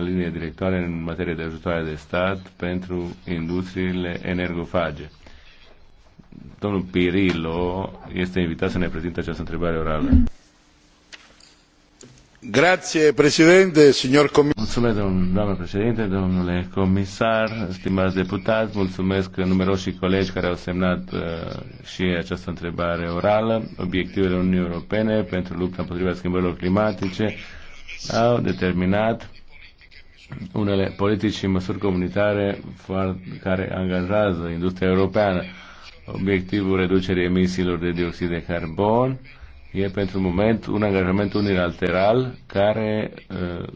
linie directoare în materie de ajutoare de stat pentru industriile energofage. Domnul Pirilo este invitat să ne prezinte această întrebare orală. Grazie, președinte, signor comisar. Mulțumesc, doamnă președinte, domnule comisar, stimați deputați, mulțumesc numeroși colegi care au semnat uh, și această întrebare orală. Obiectivele Uniunii Europene pentru lupta împotriva schimbărilor climatice au determinat unele politici și măsuri comunitare care angajează industria europeană. Obiectivul reducerii emisiilor de dioxid de carbon e pentru moment un angajament unilateral care uh,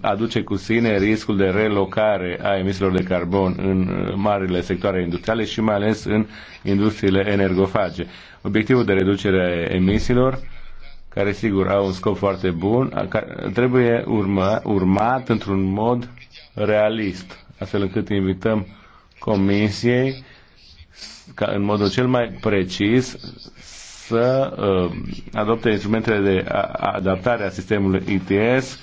aduce cu sine riscul de relocare a emisiilor de carbon în uh, marile sectoare industriale și mai ales în industriile energofage. Obiectivul de reducere a emisiilor care sigur au un scop foarte bun, trebuie urma, urmat într-un mod realist, astfel încât invităm Comisiei ca în modul cel mai precis să uh, adopte instrumentele de adaptare a sistemului ITS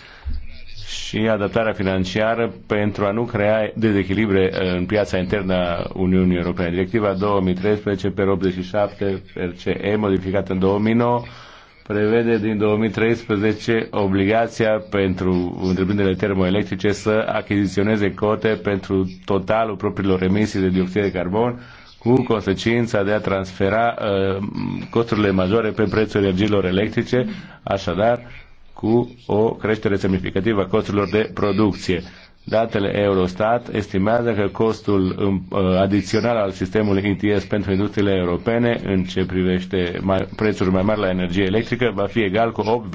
și adaptarea financiară pentru a nu crea dezechilibre uh, în piața internă a Uniunii Europene. Directiva 2013 pe 87 per CE, modificată în 2009, prevede din 2013 obligația pentru întreprinderile termoelectrice să achiziționeze cote pentru totalul propriilor emisii de dioxid de carbon cu consecința de a transfera uh, costurile majore pe prețul energiilor electrice, așadar cu o creștere semnificativă a costurilor de producție. Datele Eurostat estimează că costul uh, adițional al sistemului ITS pentru industriile europene în ce privește mai, prețuri mai mari la energie electrică va fi egal cu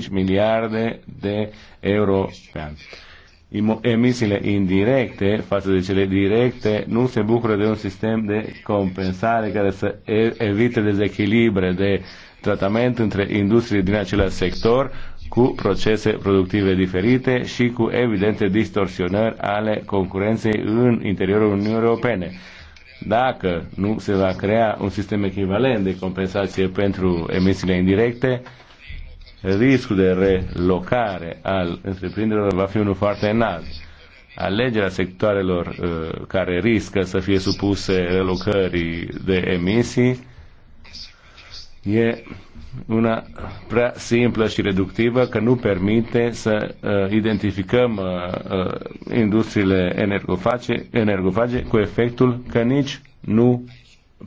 8,5 miliarde de euro pe an emisiile indirecte față de cele directe nu se bucură de un sistem de compensare care să evite dezechilibre de tratament între industrie din același sector cu procese productive diferite și cu evidente distorsionări ale concurenței în interiorul Uniunii Europene. Dacă nu se va crea un sistem echivalent de compensație pentru emisiile indirecte, riscul de relocare al întreprinderilor va fi unul foarte înalt. Alegerea sectoarelor uh, care riscă să fie supuse relocării de emisii e una prea simplă și reductivă că nu permite să uh, identificăm uh, uh, industriile energofage, energofage cu efectul că nici nu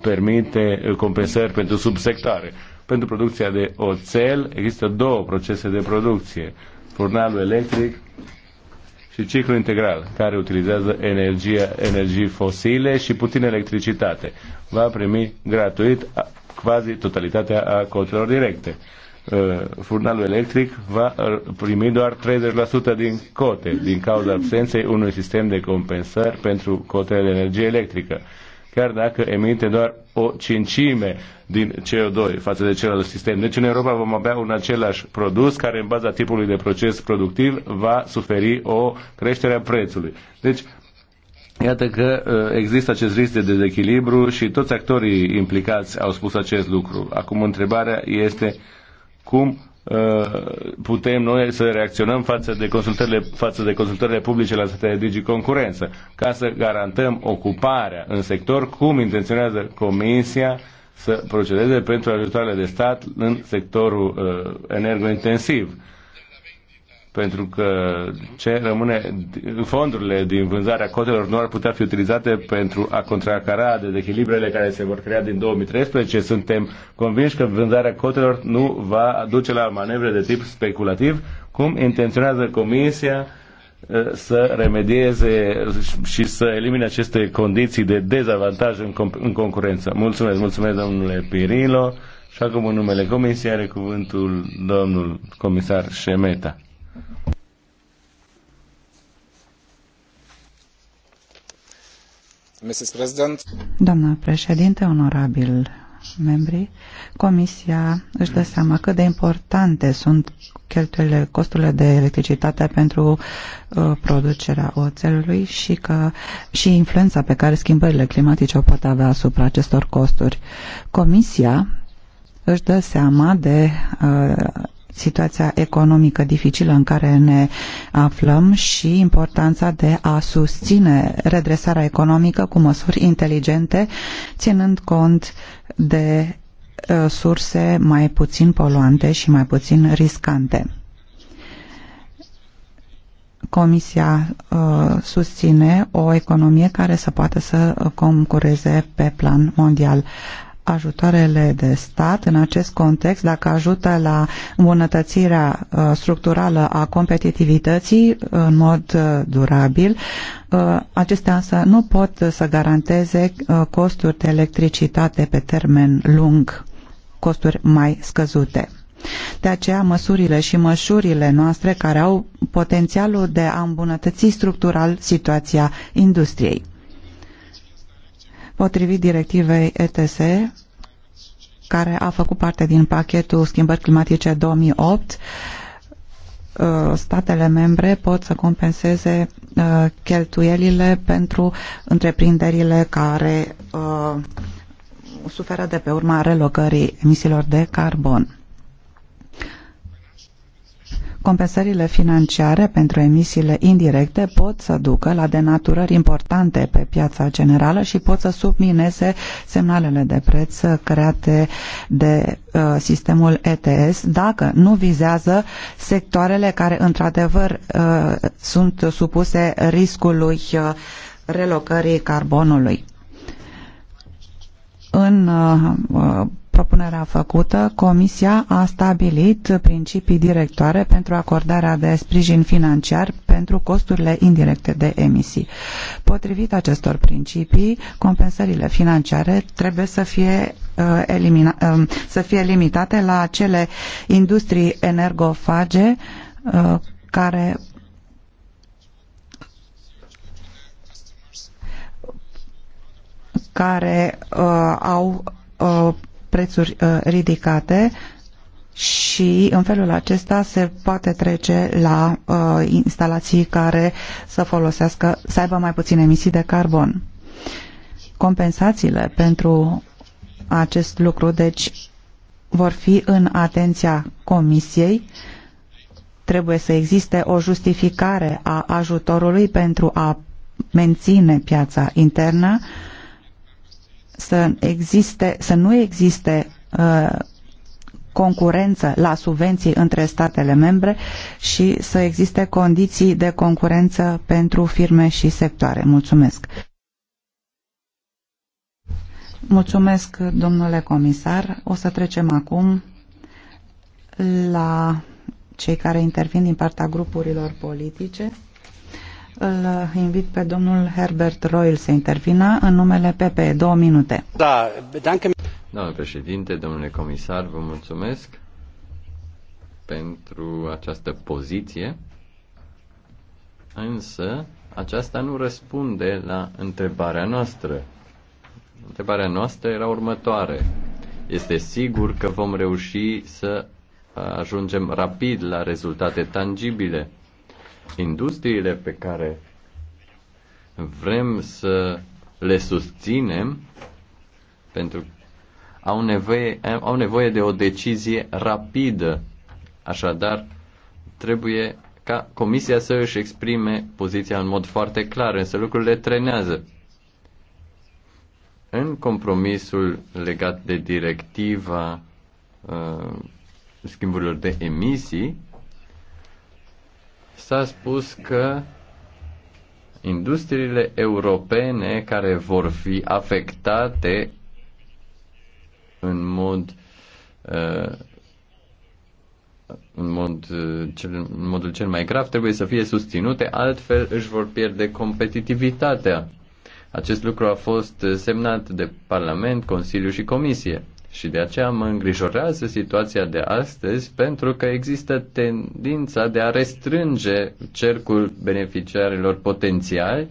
permite uh, compensări pentru subsectoare. Pentru producția de oțel există două procese de producție, furnalul electric și ciclu integral, care utilizează energie energii fosile și puțin electricitate. Va primi gratuit quasi totalitatea a cotelor directe. Furnalul uh, electric va uh, primi doar 30% din cote din cauza absenței unui sistem de compensări pentru cotele de energie electrică chiar dacă emite doar o cincime din CO2 față de celălalt sistem. Deci în Europa vom avea un același produs care în baza tipului de proces productiv va suferi o creștere a prețului. Deci Iată că uh, există acest risc de dezechilibru și toți actorii implicați au spus acest lucru. Acum întrebarea este cum uh, putem noi să reacționăm față de consultările, față de consultările publice la statele Digi Concurență, ca să garantăm ocuparea în sector, cum intenționează Comisia să procedeze pentru ajutoarele de stat în sectorul uh, energointensiv pentru că ce rămâne, fondurile din vânzarea cotelor nu ar putea fi utilizate pentru a contracara de echilibrele care se vor crea din 2013. Suntem convinși că vânzarea cotelor nu va duce la manevre de tip speculativ, cum intenționează Comisia eh, să remedieze și să elimine aceste condiții de dezavantaj în, în concurență. Mulțumesc, mulțumesc domnule Pirilo. Și acum în numele Comisiei are cuvântul domnul comisar Șemeta. Doamnă președinte, onorabil membri, Comisia își dă seama cât de importante sunt cheltuielile, costurile de electricitate pentru uh, producerea oțelului și, că, și influența pe care schimbările climatice o pot avea asupra acestor costuri. Comisia își dă seama de uh, situația economică dificilă în care ne aflăm și importanța de a susține redresarea economică cu măsuri inteligente, ținând cont de uh, surse mai puțin poluante și mai puțin riscante. Comisia uh, susține o economie care să poată să uh, concureze pe plan mondial ajutoarele de stat în acest context, dacă ajută la îmbunătățirea uh, structurală a competitivității uh, în mod uh, durabil, acestea însă nu pot să garanteze costuri de electricitate pe termen lung, costuri mai scăzute. De aceea, măsurile și măsurile noastre care au potențialul de a îmbunătăți structural situația industriei. Potrivit directivei ETS, care a făcut parte din pachetul schimbări climatice 2008, uh, statele membre pot să compenseze uh, cheltuielile pentru întreprinderile care uh, suferă de pe urma relocării emisiilor de carbon. Compensările financiare pentru emisiile indirecte pot să ducă la denaturări importante pe piața generală și pot să submineze semnalele de preț create de uh, sistemul ETS dacă nu vizează sectoarele care într-adevăr uh, sunt supuse riscului uh, relocării carbonului. În uh, uh, propunerea făcută, Comisia a stabilit principii directoare pentru acordarea de sprijin financiar pentru costurile indirecte de emisii. Potrivit acestor principii, compensările financiare trebuie să fie, uh, elimina, uh, să fie limitate la acele industrii energofage uh, care care uh, au uh, prețuri uh, ridicate și în felul acesta se poate trece la uh, instalații care să folosească, să aibă mai puține emisii de carbon. Compensațiile pentru acest lucru, deci, vor fi în atenția Comisiei. Trebuie să existe o justificare a ajutorului pentru a menține piața internă uh, să, existe, să nu existe uh, concurență la subvenții între statele membre și să existe condiții de concurență pentru firme și sectoare. Mulțumesc! Mulțumesc, domnule comisar. O să trecem acum la cei care intervin din partea grupurilor politice. Îl invit pe domnul Herbert Royal să intervină în numele PPE. Două minute. Da, danke. Domnule președinte, domnule comisar, vă mulțumesc pentru această poziție, însă aceasta nu răspunde la întrebarea noastră. Întrebarea noastră era următoare. Este sigur că vom reuși să ajungem rapid la rezultate tangibile Industriile pe care vrem să le susținem pentru au nevoie, au nevoie de o decizie rapidă. Așadar, trebuie ca Comisia să își exprime poziția în mod foarte clar, însă lucrurile trenează. În compromisul legat de directiva uh, schimburilor de emisii, s-a spus că industriile europene care vor fi afectate în mod uh, în, mod, uh, în modul cel mai grav trebuie să fie susținute, altfel își vor pierde competitivitatea. Acest lucru a fost semnat de Parlament, Consiliu și Comisie. Și de aceea mă îngrijorează situația de astăzi pentru că există tendința de a restrânge cercul beneficiarilor potențiali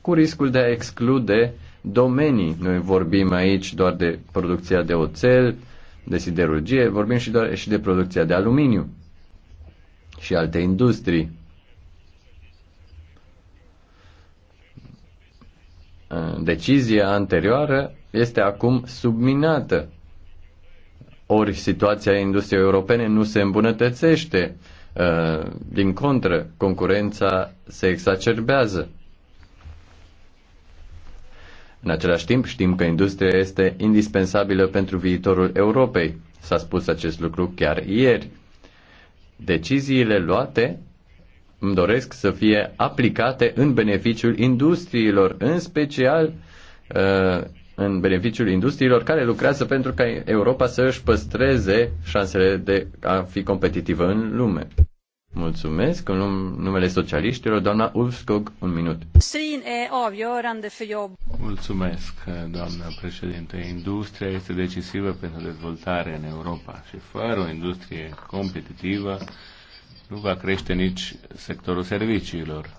cu riscul de a exclude domenii. Noi vorbim aici doar de producția de oțel, de siderurgie, vorbim și, doar, și de producția de aluminiu și alte industrii. Decizia anterioară este acum subminată ori situația industriei europene nu se îmbunătățește, uh, din contră, concurența se exacerbează. În același timp, știm că industria este indispensabilă pentru viitorul Europei. S-a spus acest lucru chiar ieri. Deciziile luate îmi doresc să fie aplicate în beneficiul industriilor, în special uh, în beneficiul industriilor care lucrează pentru ca Europa să își păstreze șansele de a fi competitivă în lume. Mulțumesc. În numele socialiștilor, doamna Ulfskog, un minut. Mulțumesc, doamna președinte. Industria este decisivă pentru dezvoltare în Europa și fără o industrie competitivă nu va crește nici sectorul serviciilor.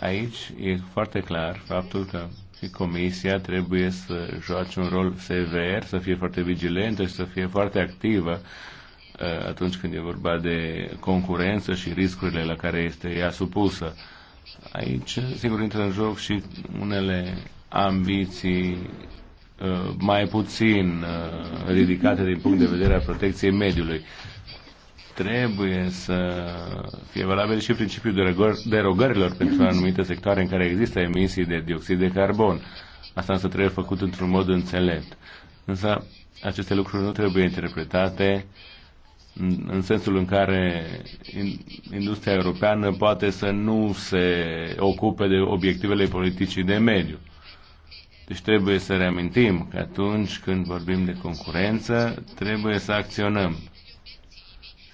Aici e foarte clar faptul că și Comisia trebuie să joace un rol sever, să fie foarte vigilentă și să fie foarte activă uh, atunci când e vorba de concurență și riscurile la care este ea supusă. Aici, sigur, intră în joc și unele ambiții uh, mai puțin uh, ridicate din punct de vedere a protecției mediului trebuie să fie valabil și principiul derogărilor pentru anumite sectoare în care există emisii de dioxid de carbon. Asta însă trebuie făcut într-un mod înțelept. Însă aceste lucruri nu trebuie interpretate în, în sensul în care industria europeană poate să nu se ocupe de obiectivele politicii de mediu. Deci trebuie să reamintim că atunci când vorbim de concurență, trebuie să acționăm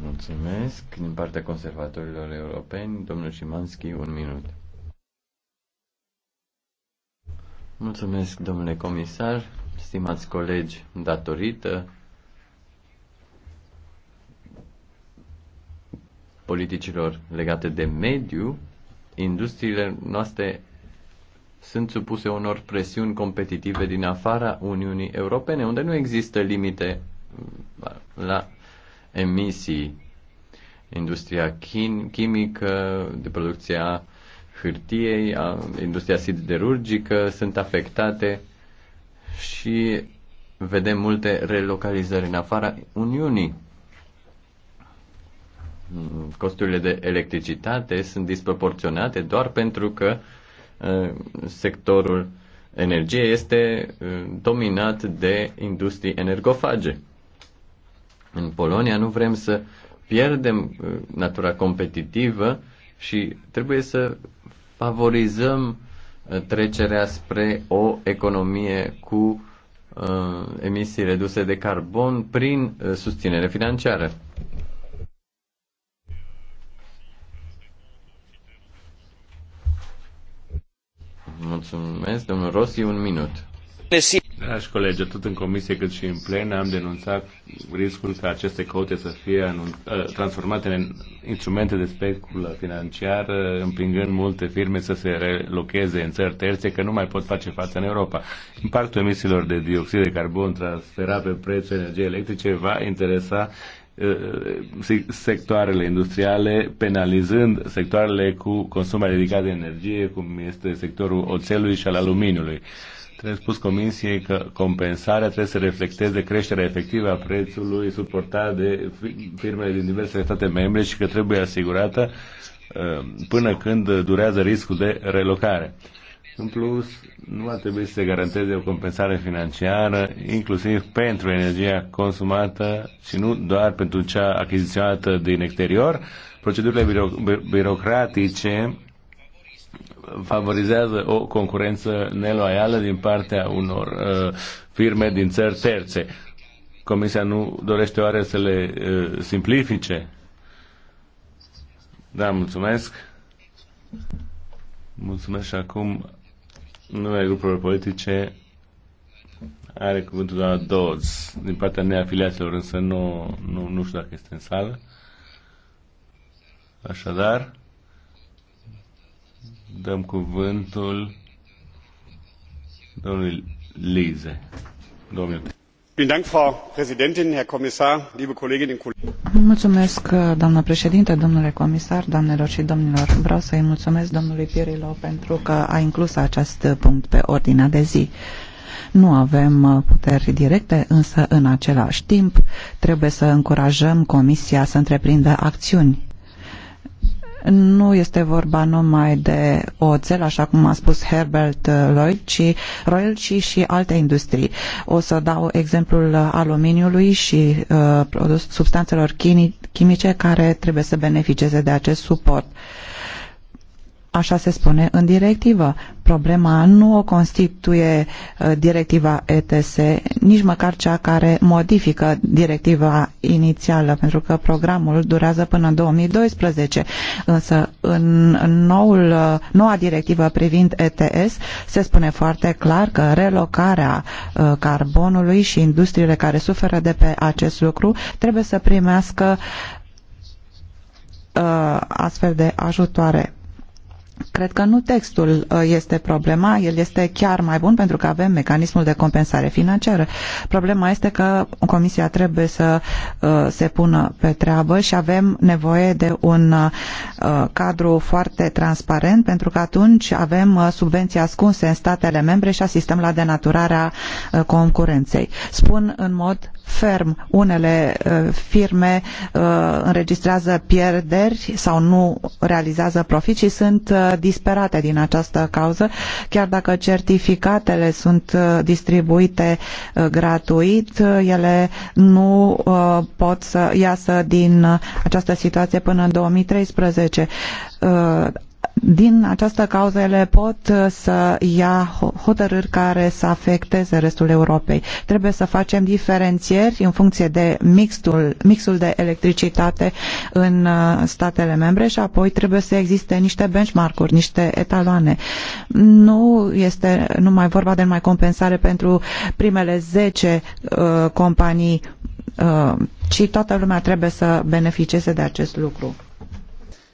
Mulțumesc. Din partea conservatorilor europeni, domnul Șimanski, un minut. Mulțumesc, domnule comisar, stimați colegi, datorită politicilor legate de mediu, industriile noastre sunt supuse unor presiuni competitive din afara Uniunii Europene, unde nu există limite la emisii. Industria chimică, de producția hârtiei, a, industria siderurgică sunt afectate și vedem multe relocalizări în afara Uniunii. Costurile de electricitate sunt disproporționate doar pentru că ă, sectorul energiei este ă, dominat de industrii energofage. În Polonia nu vrem să pierdem uh, natura competitivă și trebuie să favorizăm uh, trecerea spre o economie cu uh, emisii reduse de carbon prin susținere financiară. Mulțumesc, domnul Rossi, un minut. Dragi colegi, atât în comisie cât și în plen am denunțat riscul ca aceste cote să fie ă, transformate în instrumente de speculă financiară, împingând multe firme să se relocheze în țări terțe că nu mai pot face față în Europa. Impactul emisiilor de dioxid de carbon transferat pe prețul energiei electrice va interesa ă, sectoarele industriale, penalizând sectoarele cu consum mai ridicat de energie, cum este sectorul oțelului și al aluminiului. Trebuie spus Comisiei că compensarea trebuie să reflecteze creșterea efectivă a prețului suportat de firmele din diverse state membre și că trebuie asigurată uh, până când durează riscul de relocare. În plus, nu ar trebui să se garanteze o compensare financiară, inclusiv pentru energia consumată și nu doar pentru cea achiziționată din exterior. Procedurile biro- birocratice favorizează o concurență neloială din partea unor uh, firme din țări terțe. Comisia nu dorește oare să le uh, simplifice? Da, mulțumesc. Mulțumesc și acum numele grupurilor politice are cuvântul la Dodds din partea neafiliaților, însă nu, nu, nu știu dacă este în sală. Așadar, dăm cuvântul domnului Lize. Domnul. Mulțumesc, uh, doamnă președinte, domnule comisar, doamnelor și domnilor. Vreau să-i mulțumesc domnului Pirilo pentru că a inclus acest punct pe ordinea de zi. Nu avem uh, puteri directe, însă în același timp trebuie să încurajăm Comisia să întreprindă acțiuni nu este vorba numai de oțel, așa cum a spus Herbert Lloyd, ci Royal, ci și alte industrii. O să dau exemplul aluminiului și uh, substanțelor chimice care trebuie să beneficieze de acest suport. Uh, Așa se spune în directivă. Problema nu o constituie uh, directiva ETS, nici măcar cea care modifică directiva inițială, pentru că programul durează până în 2012. Însă în noul, uh, noua directivă privind ETS se spune foarte clar că relocarea uh, carbonului și industriile care suferă de pe acest lucru trebuie să primească astfel de ajutoare Cred că nu textul uh, este problema, el este chiar mai bun pentru că avem mecanismul de compensare financiară. Problema este că Comisia trebuie să uh, se pună pe treabă și avem nevoie de un uh, cadru foarte transparent pentru că atunci avem subvenții ascunse în statele membre și asistăm la denaturarea concurenței. Spun în mod ferm. Unele uh, firme uh, înregistrează pierderi sau nu realizează profit și sunt uh, disperate din această cauză, chiar dacă certificatele sunt distribuite gratuit, ele nu pot să iasă din această situație până în 2013. Din această cauză ele pot uh, să ia hotărâri care să afecteze restul Europei. Trebuie să facem diferențieri în funcție de mixul, mixul de electricitate în uh, statele membre și apoi trebuie să existe niște benchmark-uri, niște etaloane. Nu este numai vorba de mai compensare pentru primele 10 uh, companii, uh, ci toată lumea trebuie să beneficieze de acest lucru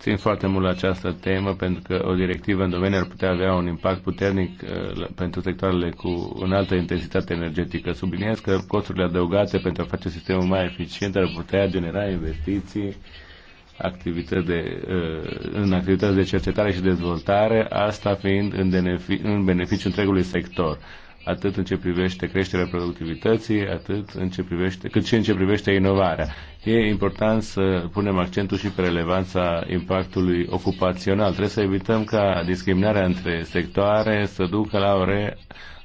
țin foarte mult la această temă pentru că o directivă în domeniu ar putea avea un impact puternic uh, pentru sectoarele cu înaltă intensitate energetică. Subliniez că costurile adăugate pentru a face sistemul mai eficient ar putea genera investiții activități de, uh, în activități de cercetare și dezvoltare, asta fiind în, benefic, în beneficiu întregului sector atât în ce privește creșterea productivității, atât în ce privește, cât și în ce privește inovarea. E important să punem accentul și pe relevanța impactului ocupațional. Trebuie să evităm ca discriminarea între sectoare să ducă la o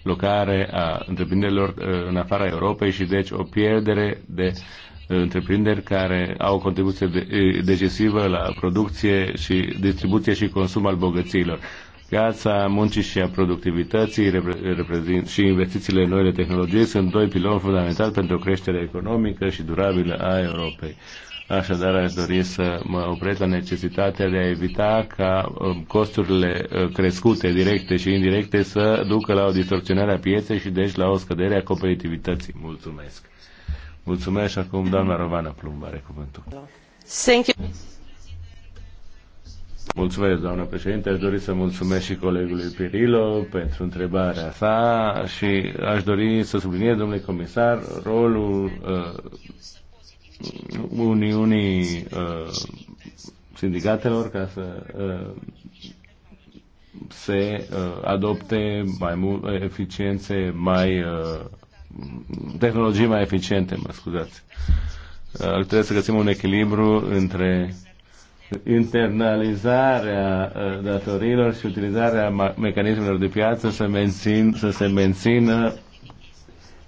relocare a întreprinderilor uh, în afara Europei și deci o pierdere de uh, întreprinderi care au o contribuție uh, decisivă la producție și distribuție și consum al bogăților. Piața muncii și a productivității și investițiile în noile tehnologii sunt doi piloni fundamentali pentru creșterea economică și durabilă a Europei. Așadar, aș dori să mă opresc la necesitatea de a evita ca um, costurile uh, crescute, directe și indirecte, să ducă la o distorsionare a pieței și deci la o scădere a competitivității. Mulțumesc! Mulțumesc și acum doamna Rovana Plumb are cuvântul. Thank you. Mulțumesc, doamnă președinte. Aș dori să mulțumesc și colegului Pirilo pentru întrebarea sa și aș dori să subliniez, domnule comisar, rolul uh, Uniunii uh, sindicatelor ca să uh, se uh, adopte mai mult eficiențe, mai uh, tehnologii mai eficiente, mă scuzați. Uh, trebuie să găsim un echilibru între internalizarea uh, datorilor și utilizarea mecanismelor de piață să, mențin, să se mențină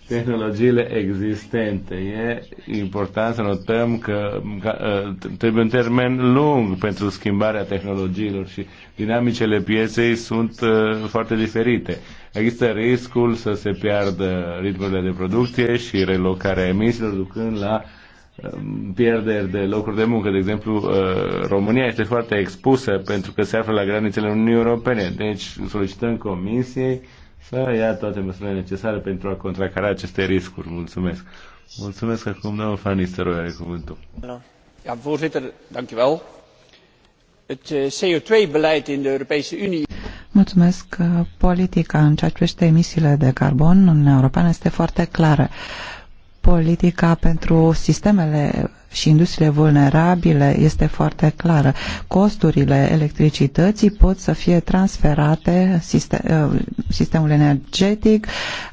tehnologiile existente. E important să notăm că, uh, trebuie un termen lung pentru schimbarea tehnologiilor și dinamicele pieței sunt uh, foarte diferite. Există riscul să se piardă ritmurile de producție și relocarea emisiilor, ducând la uh, Um, pierderi de locuri de muncă. De exemplu, uh, România este foarte expusă pentru că se află la granițele Uniunii Europene. Deci solicităm Comisiei să ia toate măsurile necesare pentru a contracara aceste riscuri. Mulțumesc. Mulțumesc că acum, domnul Van Nistelrooy, are cuvântul. Ja, voorzitter, dank u wel. Het eh, CO2-beleid in de Europese Unie Mulțumesc. Eh, politica în ceea ce privește emisiile de carbon în Uniunea Europeană este foarte clară politica pentru sistemele și industriile vulnerabile este foarte clară. Costurile electricității pot să fie transferate sistem, uh, sistemul energetic,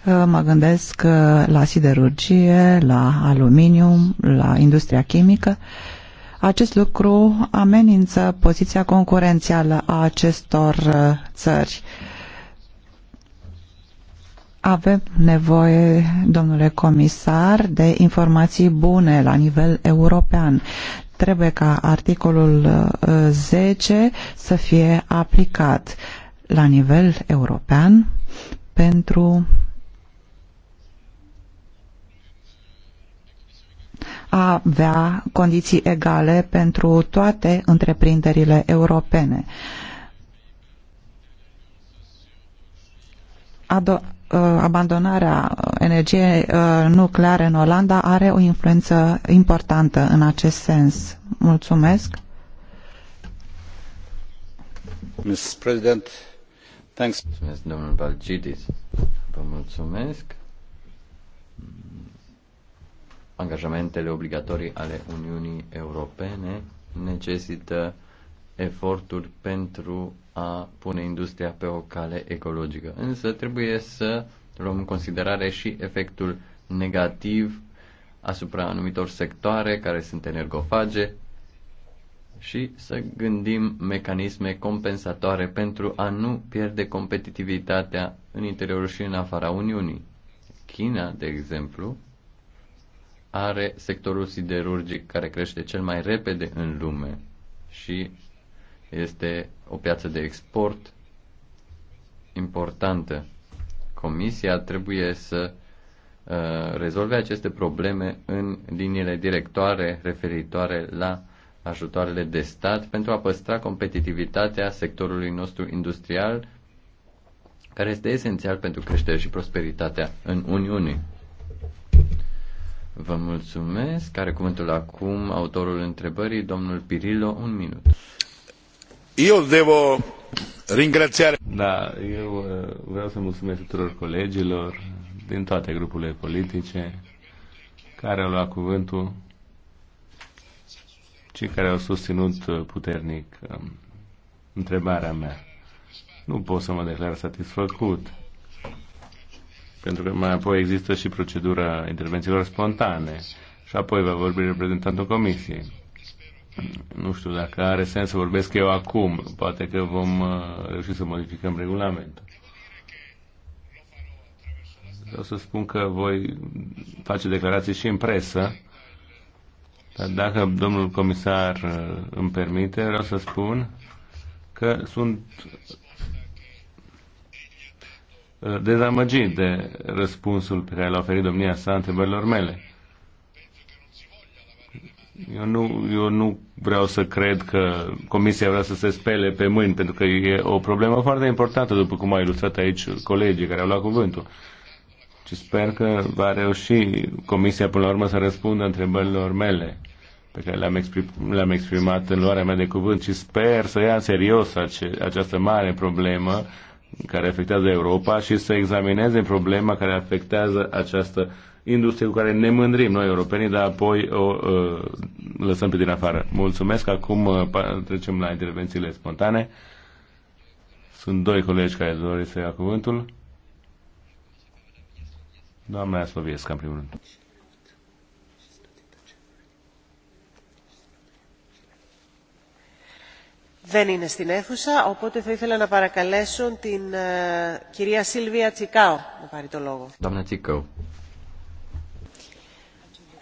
uh, mă gândesc uh, la siderurgie, la aluminium, la industria chimică. Acest lucru amenință poziția concurențială a acestor țări. Uh, avem nevoie, domnule comisar, de informații bune la nivel european. Trebuie ca articolul 10 uh, să fie aplicat la nivel european pentru a avea condiții egale pentru toate întreprinderile europene. Uh, abandonarea energiei uh, nucleare în Olanda are o influență importantă în acest sens. Mulțumesc. Mr. President, thanks. Mulțumesc, domnul Balgidis. Vă mulțumesc. Angajamentele obligatorii ale Uniunii Europene necesită eforturi pentru a pune industria pe o cale ecologică. Însă trebuie să luăm în considerare și efectul negativ asupra anumitor sectoare care sunt energofage și să gândim mecanisme compensatoare pentru a nu pierde competitivitatea în interiorul și în afara Uniunii. China, de exemplu, are sectorul siderurgic care crește cel mai repede în lume și este o piață de export importantă. Comisia trebuie să uh, rezolve aceste probleme în liniile directoare referitoare la ajutoarele de stat pentru a păstra competitivitatea sectorului nostru industrial, care este esențial pentru creșterea și prosperitatea în Uniune. Vă mulțumesc. Care cuvântul acum autorul întrebării, domnul Pirilo, un minut. Eu devo Da, eu uh, vreau să mulțumesc tuturor colegilor din toate grupurile politice care au luat cuvântul, cei care au susținut uh, puternic um, întrebarea mea. Nu pot să mă declar satisfăcut, pentru că mai apoi există și procedura intervențiilor spontane și apoi va vorbi reprezentantul Comisiei. Nu știu dacă are sens să vorbesc eu acum. Poate că vom uh, reuși să modificăm regulamentul. Vreau să spun că voi face declarații și în presă. Dar dacă domnul comisar uh, îmi permite, vreau să spun că sunt uh, dezamăgit de răspunsul pe care l-a oferit domnia sa întrebărilor mele. Eu nu, eu nu vreau să cred că Comisia vrea să se spele pe mâini, pentru că e o problemă foarte importantă, după cum a ilustrat aici colegii care au luat cuvântul. Și sper că va reuși Comisia până la urmă să răspundă întrebărilor mele pe care le-am, exprim, le exprimat în luarea mea de cuvânt și sper să ia în serios ace, această mare problemă care afectează Europa și să examineze problema care afectează această industrie cu care ne mândrim noi europenii, dar apoi o uh, lăsăm pe din afară. Mulțumesc. Acum uh, trecem la intervențiile spontane. Sunt doi colegi care doresc să ia cuvântul. Doamna Iasloviescu, în primul rând. Δεν είναι στην αίθουσα, οπότε θα ήθελα να παρακαλέσω την uh, κυρία Σίλβια Τσικάο να πάρει το λόγο. Doamna Τσικάο.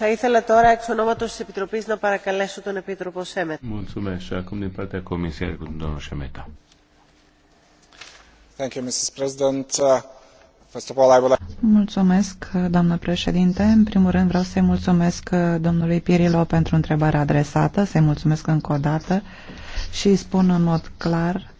Θα ήθελα τώρα εξ ονόματος της Επιτροπής να παρακαλέσω τον Επίτροπο Σέμετα. Mulțumesc. Și Thank you, Mrs. President. Uh, mulțumesc, doamnă președinte. În primul rând vreau să-i mulțumesc uh, domnului Pirilo pentru întrebarea adresată, să-i mulțumesc încă o dată și spun în mod clar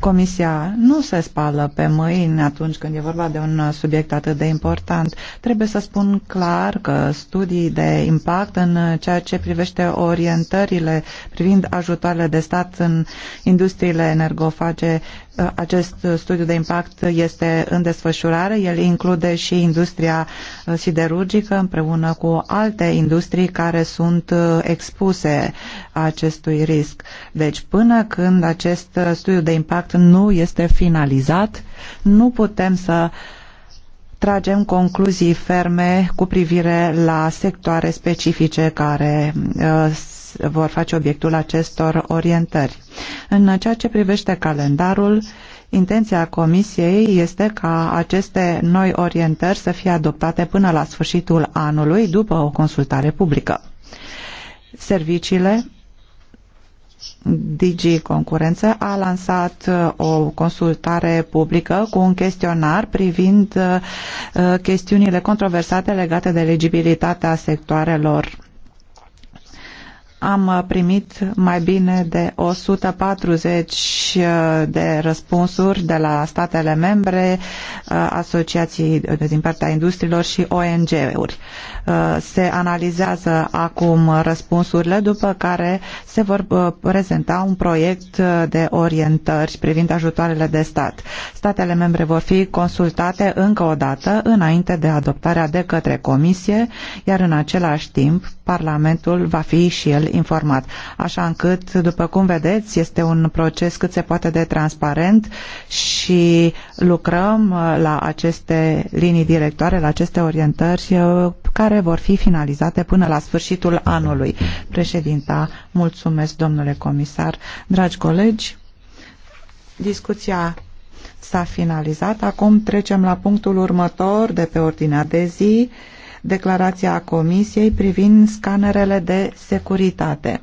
Comisia nu se spală pe mâini atunci când e vorba de un subiect atât de important. Trebuie să spun clar că studii de impact în ceea ce privește orientările privind ajutoarele de stat în industriile energofage, acest studiu de impact este în desfășurare. El include și industria siderurgică împreună cu alte industrii care sunt expuse acestui risc. Deci până când acest studiu de impact impact nu este finalizat, nu putem să tragem concluzii ferme cu privire la sectoare specifice care uh, vor face obiectul acestor orientări. În ceea ce privește calendarul, intenția Comisiei este ca aceste noi orientări să fie adoptate până la sfârșitul anului, după o consultare publică. Serviciile DG Concurență a lansat uh, o consultare publică cu un chestionar privind uh, uh, chestiunile controversate legate de eligibilitatea sectoarelor am uh, primit mai bine de 140 uh, de răspunsuri de la statele membre, uh, asociații din partea industriilor și ONG-uri. Se analizează acum răspunsurile, după care se vor prezenta un proiect de orientări privind ajutoarele de stat. Statele membre vor fi consultate încă o dată înainte de adoptarea de către Comisie, iar în același timp Parlamentul va fi și el informat. Așa încât, după cum vedeți, este un proces cât se poate de transparent și lucrăm uh, la aceste linii directoare, la aceste orientări uh, care vor fi finalizate până la sfârșitul anului. Președinta, mulțumesc domnule comisar, dragi colegi, discuția s-a finalizat. Acum trecem la punctul următor de pe ordinea de zi declarația Comisiei privind scanerele de securitate.